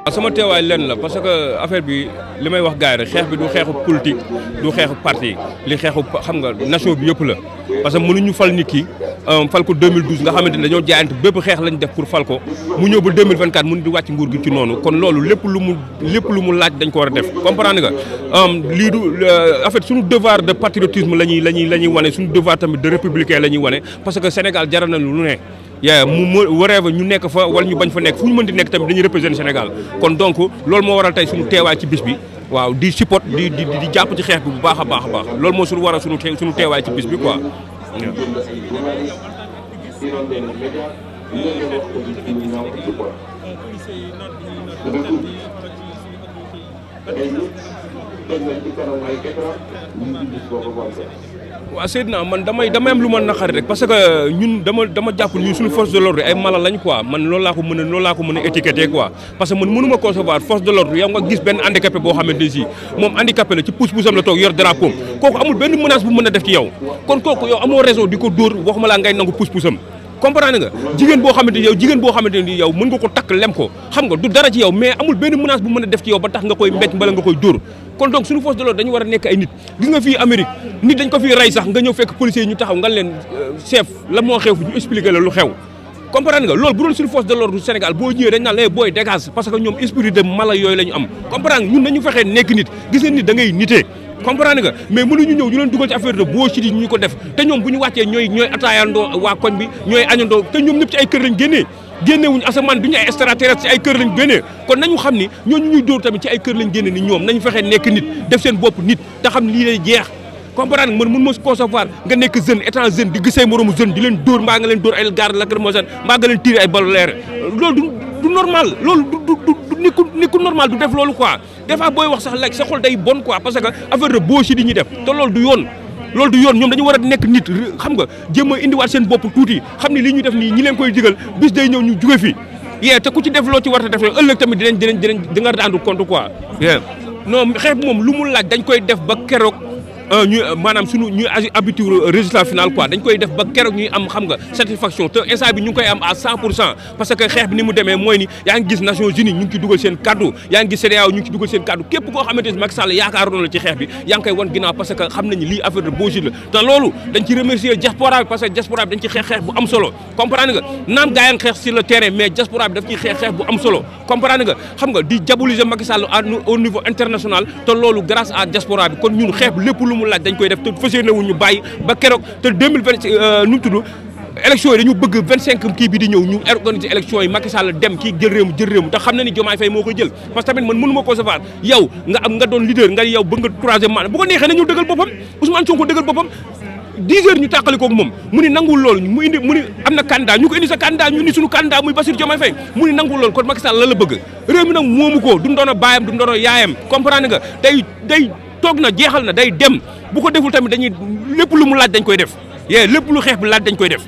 Ah, sama teewaay lenn la parce que affaire bi li may wax gars yi rek xeex bi du xeexu politique du xeexu parti li xeexu xam nga nation bi yëpp la parce que mënuñu fal nit ki euh, fal ko 2012 nga xamante ne dañoo jaayante bépp xeex lañ def pour fal ko mu ñëw ba 2024 mun di wàcc nguur gi ci noonu kon loolu lépp lu mu mu laaj dañ ko war a def comprendre nga euh, lii du euh, en fait suñu devoir de patriotisme la ñuy la ñuy la ñuy wane suñu devoir tamit de républicain la ñuy wane parce que Sénégal jaral na lu ne yaa mu mu whatever ñu nekk fa wala ñu bañ fa nekk fu ñu mën di nekk tamit dañuy représenter Sénégal kon donc loolu moo waral tey suñu teewaay ci bis bi waaw di support di di di jàpp ci xeex bi bu baax a baax a baax loolu moo suñu waral suñu suñu teewaay ci bis bi quoi waaw tey ñun teg nañ ci kanam man damay damay am lu ma naqari rek parce que ñun dama dama jàpp ñun suñu force de l'ordre ay mala lañ quoi man loolu laa ko mën a loolu laa ko mën parce que man mënu ma force de l'ordre yow nga gis benn handicapé boo xamante ne si moom handicapé la ci pousse-poussam la toog yor drapeau kooku amul benn menace bu mën a def ci yow kon kooku yow amoo raison di ko dóor waxuma laa ngay nangu pousse-poussam comprendre nga jigéen boo xamante ni yow nga ko takk lem ko xam nga du dara ci yow mais amul benn menace bu mën a def ci yow ba tax nga koy mbéj mbala nga koy dóor kon donc suñu force de l'ordre dañu war a nekk ay nit gis nga fii Amérique nit dañ ko fii rey sax nga ñëw fekk policiers yi ñu taxaw nga leen euh, chef la moo xew fi ñu expliquer la lu xew comprendre nga loolu bu doon suñu force de l'ordre du boo ñëwee dañ naan lay eh, booy dégage parce que ñoom esprit de mala nekk nit gis nga nit da comprendre nga mais mënuñu ñëw ñu leen dugal ci affaire boo ci di ñu ko def te ñoom bu ñu wàccee ñooy ñooy ataayandoo waa koñ bi ñooy añandoo te ñoom ñëpp ci ay kër lañ génnee kon nañu xam ni ñooñu ñuy dóor tamit ci ay kër lañ génne ni ñoom nañu fexee nekk nit def seen bopp nit te xam lii lay jeex comprendre nga man mën mos concevoir nga nekk jeune étant jeune di gisee moromu jeune di leen dóor mbaa nga leen dóor ay garde lacrymogène mbaa nga leen normal du def loolu quoi des fois booy wax sax laaj sa xol day bon quoi parce que affaire de bauche di ñuy def te loolu du yoon lool du yoon ñoom dañu war a nekk nit xam nga jéem a indiwaat seen bopp tuuti xam ni li ñuy def nii ñi leen koy digal bis day ñëw ñu jóge fi yee te ku ci def loo ci war a def loolu ëllëg tamit dinañ dinañ dinañ di nga rendre compte quoi. non xeex bi moom lu mu laaj dañ koy def ba keroog. Euh, ñu euh, maanaam suñu ñuy habitué résultat final quoi dañ koy def ba keroog ñuy am xam nga satisfaction te instant bi ñu ngi koy am à 100 pour cent parce que xeex bi ni mu demee mooy ni yaa ngi gis Nations Unies ñu ngi ci dugal seen kaddu yaa ngi gis CEDEAO ñu ngi koy wan ginnaaw parce que xam nañu lii affaire de beau jeu la te loolu dañ ci remercier diaspora bi parce que diaspora dañ ci xeex bu am solo comprendre nga naam gaa yaa ngi xeex sur le terrain mu laaj dañ koy def te fas wu ñu bàyyi ba keroog te 2020 euh, nu mu tudd élection yi dañu bëgg 25 kii bi di ñëw ñu organiser élection yi Macky Sall dem kii jël réew jël réew mi te na ni Diomaye Faye moo koy jël parce man mënu ma concevoir yow nga doon leader nga yow bëgg nga troisième mandat neexee na ñëw dëggal boppam Ousmane Sonko dëggal boppam 10 heures ñu tàqali koog moom mu ni nangul loolu am na candidat ñu ko indi a baayam du mu doon a yaayam comprendre nga toog na jeexal na day dem bu ko deful tamit dañuy lépp lu mu laaj dañu koy def yee lépp lu xeex bi laaj dañ koy def